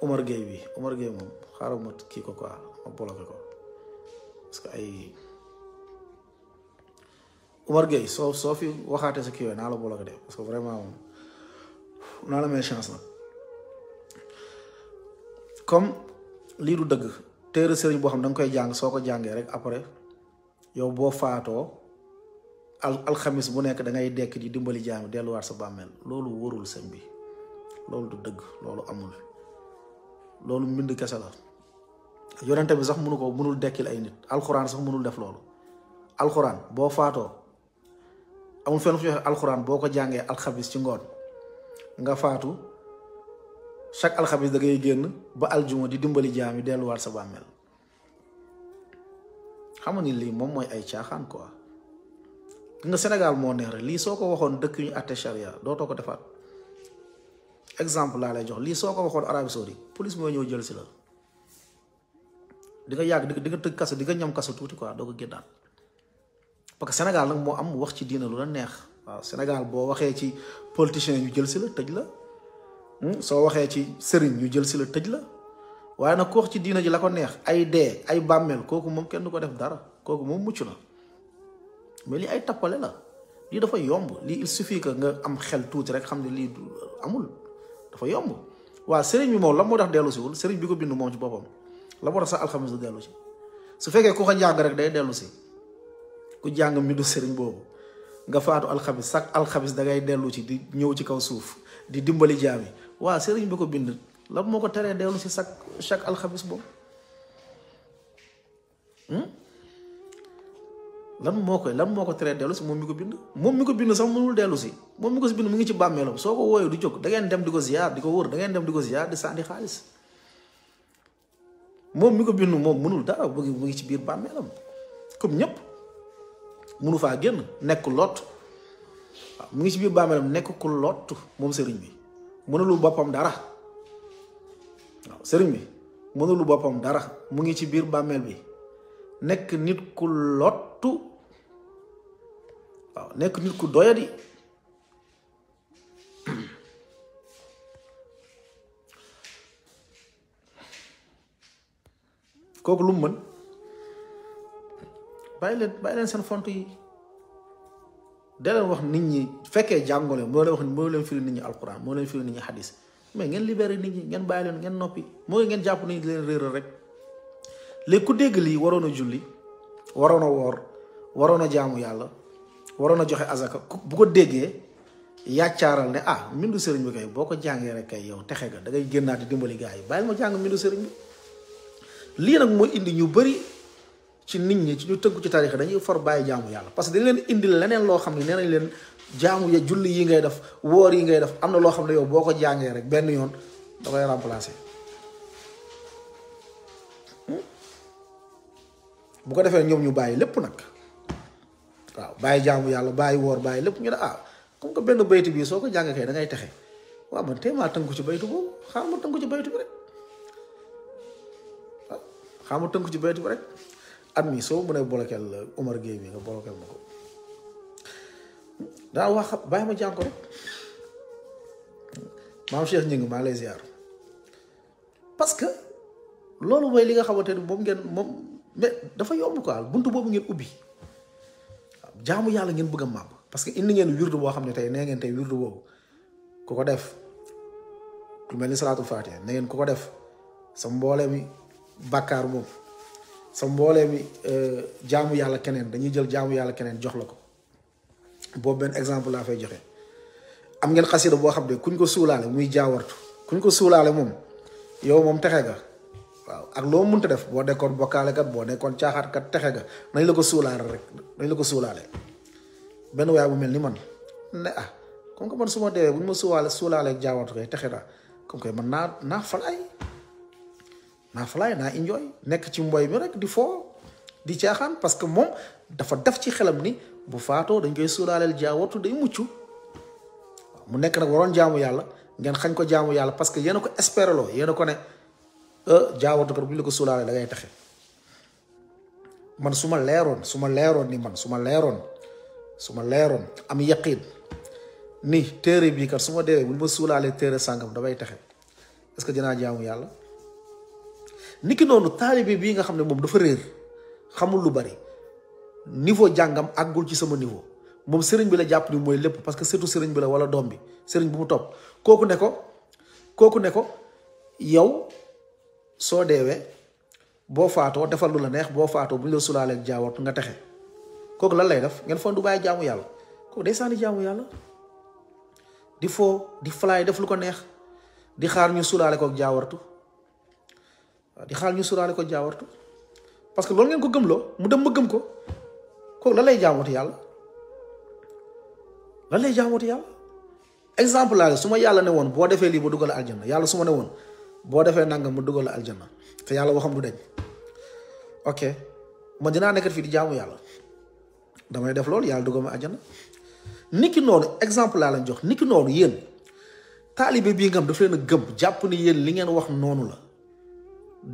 Omar Gueye bi Omar Gueye moom xaaral ma kii ko quoi ma bloqué ko parce que ay Omar Gueye soo soo fi waxaate si kii yooyu naa la bloqué de vraiment moom naa la chance nag comme lii du dëgg téere sëriñ boo xam da nga koy jàng soo ko jàngee rek après yow boo faatoo al khamis bu nek da ngay dekk di dimbali jaam war sa bammel loolu worul sëñ bi loolu du deug loolu amul loolu mbind kessa la yonente bi sax munu ko mënul dekkil ay nit qur'an sax munul def al qur'an bo faato amul fenn fu al qur'an boko jange ko jàngee ci ngor nga faatu Al-Khamis da ngay genn ba al juma di dimbali jaam delu war sa bammel xam li mom moy ay tiaxan quoi. nga Sénégal moo neex rek lii soo ko waxoon dëkk ñu àtte doo dootoo ko defaat exemple laa lay jox lii soo ko waxoon Arabie Saoudite police mooy ñëw jël si la di nga yàgg di nga tëj kaso di nga ñam kaso tuuti quoi doo ko génnaat parce que Sénégal nag moo am wax ci diina lu la neex waaw Sénégal boo waxee ci politicien yu jël si la tëj la hmm, soo waxee ci sëriñ ñu jël si la tëj la waaye nag ku ci diina ji la ko neex ay dee ay bàmmeel kooku moom kenn du ko def dara kooku moom mucc na mais li ay tappale la li dafa yomb li il suffit que nga am xel tuuti rek xam li amul dafa yomb wa sering bi mo la mo tax delu si wul serigne bi ko bindu mo ci bopam la mo tax al alxames du dellu si su sering ku ko jang rek day delu si ku jang mi du serigne bobu nga faatu alxames sax alxames da ngay delu ci di ñew ci kaw suuf di dimbali jami wa serigne sering bi ko bindu la moo ko delu ci sak chaque chaque alxames boobu hmm? lan moo koy lan moo ko teree dellu si moom mi ko bind moom mi ko bind sax mënul dellu si moom mi ko si bind mu ngi ci bàmmeelam soo ko wooyee du jóg da ngeen dem di ko ziar di ko wër da ngeen dem di ko ziar di sànni xaalis moom mi ko bind moom mënul dara mu mu ngi ci biir bàmmeelam ñëpp mënu faa génn nekk mu ngi ci biir bàmmeelam nekk ku lot moom sëriñ bi mënulu boppam dara waaw sëriñ bi mënulu boppam dara mu ngi ci biir bàmmeel bi. nekk nit ku lottu waaw nekk nit ku doyadi kooku lu mu mën bàyyi leen bàyyi leen seen font yi da leen wax nit ñi fekkee jàngoo leen moo leen wax moo leen firi nit ñi alquran moo leen firi nit ñi xadis mais ngeen libéré nit ñi ngeen bàyyi leen ngeen noppi moo ngeen jàpp ni leen réeral rek léegi ku dégg lii waroon a julli waroon a woor waroon a jaamu yàlla waroon a joxe azaka bu ko déggee yàccaaral ne ah mbindu sëriñ bi kay boo ko jàngee rek kay yow texe ga da ngay génnaat di dimbali gars yi bàyyil ma jàng mbindu sëriñ lii nag mooy indi ñu bëri ci nit ñi ci ñu tënku ci tarixa dañuy for bàyyi jaamu yàlla parce que leen indi leneen loo xam ne nee nañ leen jaamu ya julli yi ngay def woor yi ngay def am na loo xam ne yow boo ko jàngee rek benn yoon da koy remplacer bu ko defee ñoom ñu bàyyi lépp nag waaw bàyyi jaamu yàlla bàyyi woor bàyyi lépp ñu ne ah comme que benn baytu bii soo ko jàng kay da ngay texe waaw man tey maa tënku ci baytu boobu xaaral ma tënku ci baytu bi rek ci baytu bi rek at mi soo mënee bolokeel Omar Gueye bi nga bolokeel ma ko daa wax bàyyi ma jàng ko rek maam Cheikh Ngingue maa lay ziar parce loolu mooy li nga xamante ni moom ngeen moom. mais dafa yomb quoi buntu bobu ngeen ubi jaamu yalla ngeen bëgg mab parce que indi ngeen wirdu xamne tay ne ngeen tay wirdu bobu kuko ko def ku melni ni fatiha ne ngeen kuko ko def sa mbolé mi bakkar moom sa mbolé mi euh, jaamu yalla keneen dañuy jël jaamu yalla keneen jox lako ko ben exemple la fay joxe am ngeen khassida bo xamne kuñ ko suulaale muy jaawartu kuñ ko suulaale mom yow mom texe ak loo munta def boo nekkoon bokkaale kat boo nekkoon caaxaat kat texe ga nañ la ko suulaale rek nañ la ko suulaale benn waay bu mel ni man ne ah comme que man su ma deewee bu ñu ma suwaale suulaale jaawatu koy texe naa comme que man naa naa falaay naa falaay naa enjoy nekk ci mboy mi rek di foo di caaxaan parce que moom dafa def ci xelam ni bu faatoo dañ koy suulaaleel jaawatu day mucc mu nekk nag waroon jaamu yàlla ngeen xañ ko jaamu yàlla parce que yéen ko espéréloo yéen ko ne jaawartukar bu ñu la ko sóolaale dangay taxe man su ma leeroon su ma leeroon ni man su ma leeroon su ma leeroon am yaqiin ni téere bii kat suma ma deewee bu ma suulaalee téere sàngam damay taxe est-ce que dinaa jaamu yàlla niki noonu taalibe bii nga xam ne moom dafa réer xamul lu bari niveau jàngam àggul ci sama niveau moom sëriñ bi la jàpp ni mooy lépp parce que surtout sëriñ bi la wala doom bi sëriñ bu mu topp kooku ne ko kooku ne ko yow soo deewee boo faatoo defal lu la neex boo faatoo bu ñu la sulaaleeg jaawartu nga texe kooku lan lay def ngeen foog du bàyyi jaamu yàlla kooku day sànni jaamu yàlla di foo falaay def ko neex di xaar ñu sulaale ko jaawartu di xaar ñu sulaale ko jaawartu parce que loolu ngeen ko gëm loo mu dem ma gëm ko kooku lan lay jaamootu yàlla lan lay jaamootu yàlla exemple laa su ma yàlla ne woon boo defee lii ba dugal aljana yàlla su ma ne woon boo defee nangam mu dugal la aljana te yàlla waxam du deñ ok man dinaa nekkat fii di jaamu yàlla damay def loolu yàlla dugal ma aljana niki noonu exemple laa leen jox niki noonu yéen taalibe bii nga xam daf leen a gëm jàpp ni yéen li ngeen wax noonu la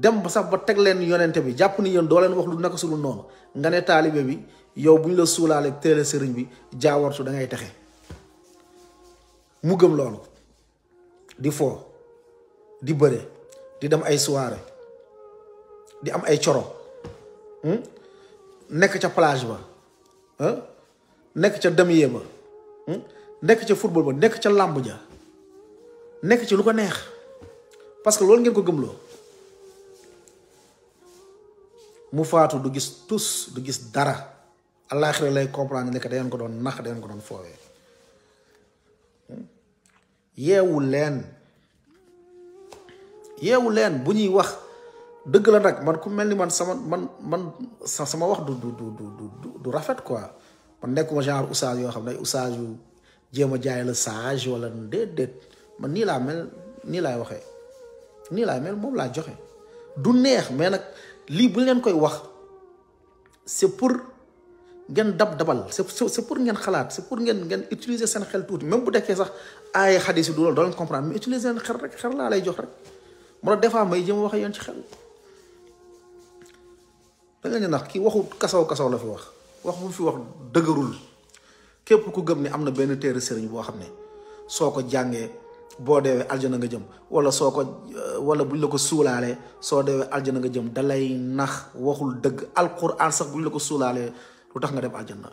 dem ba sax ba teg leen yonente bi jàpp ni yéen doo leen wax lu naka sulu lu noonu nga ne taalibe bi yow bu ñu la suulaale téele sëriñ bi jaawartu da ngay texe mu gëm loolu di foo di beure di dem ay soirée di am ay hmm nek ci plage ba ci dem yema ba hmm? nek ci football ba nek ci lamb ja nek ci lu ko neex parce que loolu ngeen ko gëmloo mu faatu du gis tus du gis dara àllaaxira lay comprendre nek da ngeen ko don nax ngeen ko don fowé yeewu leen bu ñuy wax dëgg la nag man ku mel ni man sama man man sama wax du du du du rafet quoi man nekkuma genre oustaz yoo xam ne ussage yu jéem a jaay la sage wala déedéet man nii laa mel nii laay waxee nii laay mel moom laa joxe du neex mais nag lii bu leen koy wax c'est pour ngeen dab dabal c'est c'est pour ngeen xalaat c'est pour ngeen ngeen utiliser seen xel tuuti même bu dekkee sax ay xadis yi du loolu doo leen comprendre mais utiliser seen xel rek xel laa lay jox rek. moo defaa fois may jëm waxe yoon ci xel da nga nax kii waxu kasaw kasaw la fi wax wax bu fi wax dëgërul képp ku gëm ni am na benn téere sëriñ boo xam ne soo ko jàngee boo deewee aljana nga jëm wala soo ko euh, wala buñ la ko suulaalee soo deewee aljana nga jëm dalay nax waxul dëgg alquran buñ la ko suulaalee lu tax nga dem aljana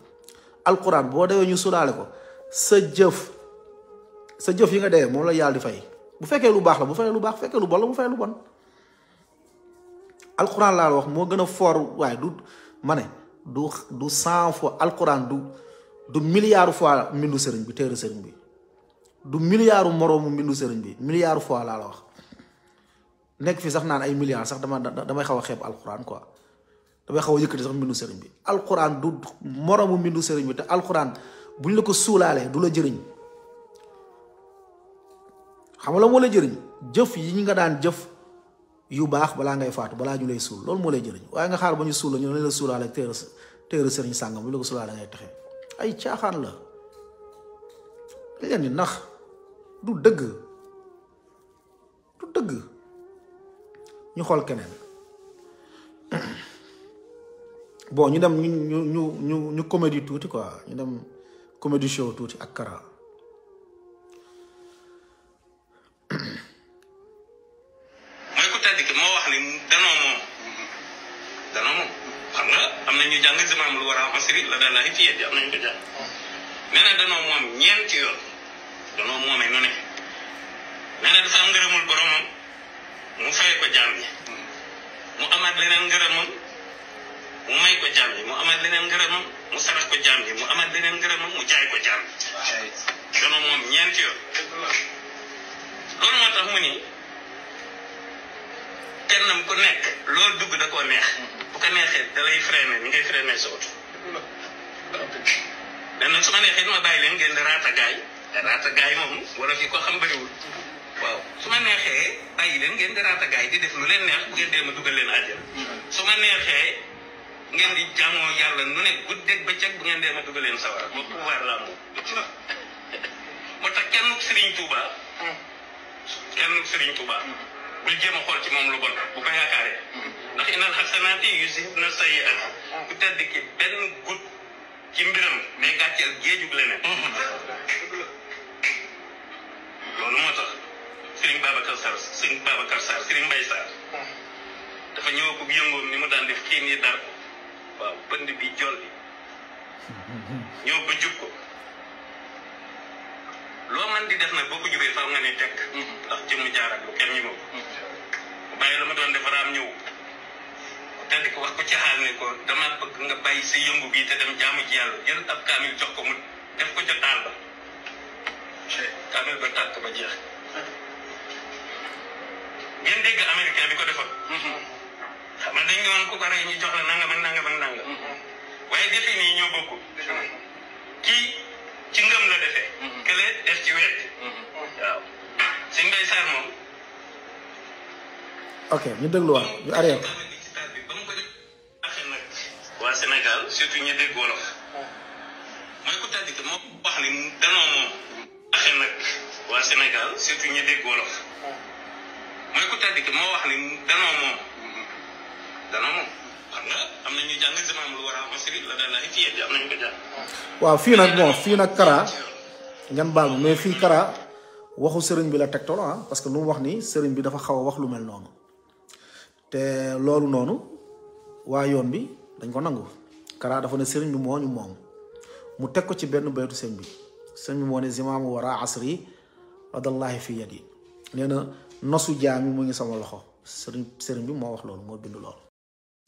alquran boo deewee ñu suulaale ko sa jëf sa jëf yi nga deewee moom la yàlla di fay bu fekkee lu baax la bu fekkee lu baax bu fekkee lu bon la bu fekkee lu bon alxuraan laa wax moo gën a fort waaye du ma ne du du cent fois alxuraan du du milliard fois mbindu sëriñ bi bi du milliard moroomu mbindu sëriñ bi milliard fois laa wax nekk fi sax naan ay milliards sax dama damay xaw a xeeb alxuraan quoi damay xaw a yëkkati sax mbindu sëriñ bi alxuraan du moroomu mbindu sëriñ bi te alxuraan buñ la ko suulaalee du la jëriñ. xam nga la moo lay jëriñ jëf yi ñu nga daan jëf yu baax balaa ngay faatu balaa ñu lay suul loolu moo lay jëriñ waaye nga xaar ba ñu suul la ñu ne la suulaale téere téere sëriñ sàngam bu la ko suulaale ngay texe ay caaxaan la dañ leen di nax du dëgg du dëgg ñu xool keneen bon ñu dem ñu ñu ñu comédie tuuti quoi ñu dem comédie show tuuti ak Kara Masri la daal laay fiyee am nañu ko jàpp. nee na danoo moom ñeenti yoon danoo moomee nu ne. dafa am ngërëmul boromam mu fay ko jaam bi mu amaat leneen ngërëmam mu ko jaam bi mu amaat leneen sarax ko jaam bi mu amaat leneen ngërëmam mu jaay ko jaam bi. danoo moom ñeenti yoon. loolu moo tax mu ni kennam ku nekk. loo dugg da koo neex. bu ko neexee da lay ni ngay freiné sa mais man su ma neexee ma bàyyi leen ngeen di raata gaay raata gaay moom wala fi ko xam bëriwul waaw su ma neexee bàyyi leen ngeen di raata gaay di def lu leen neex bu ngeen dee ma dugal leen àjjana su ma neexee ngeen di jaamoo yàlla nu ne guddeeg bëccëg bu ngeen dee ma dugal leen sawara ma pouvoir la moom moo tax kenn Serigne Touba hmm. kenn Serigne Touba bul jéem xool ci moom lu bon bu ko yaakaaree ndax innal xasanaati yuzhibna sayyi'aat ku tedd ki benn gut ci mbiram day gàcceel géejug leneen loolu moo tax Serigne Babacar Sarr Serigne Babacar Sarr Serigne Mbaye Sarr dafa ñëw ko yëngoom ni mu daan def kii nii dar ko waaw bënd bi jolli ñëw ba jub ko lo man di def na boo ko jubee faaw nga ne tek ndax jëmm jaar ak lu kenn ñi moom bàyyi la ma doon defaraam ñëw tedd ko wax ko ci xal ne ko dama bëgg nga bàyyi sa yëngu bi te dem jaamu ci yalla jël ab kamil jox ko mu def ko ci taal ba kamil ba tak ba jeex ngeen dégg américain bi ko defal xamal dañ ñu won ko bari ñu jox la nangam ak nangam ak nangam waye defini ñoo bokku ki ci ngëm la defee. Mm-hmm. kële def ci wet. si mbay saar moom. ok ñu dégluwaat ñu waa Sénégal surtout ñi dégg wolof. Mm-hmm. mooy ku tàddi moo wax ni danoo moom. axe waa Sénégal surtout ñi dégg wolof. Mm-hmm. mooy ku tàddi moo wax ni danoo moom. Ya wa fi nak iya, bon iya. fi nak Kara ngeen baal ma mais fii Kara waxu serigne bi la tek tolo parce que lu wax ni serigne bi dafa xaw wax lu mel non te lolu nonu wa yoon bi dañ ko nangu Kara dafa ne serigne bi moñu mom mu tek ko ci benn baytu serigne bi serigne mo ne zimaamu wara asri radallahi fi yadi neena anu, nosu jami mo ngi sama loxo serigne serigne bi mo wax lolu mo bindu lolu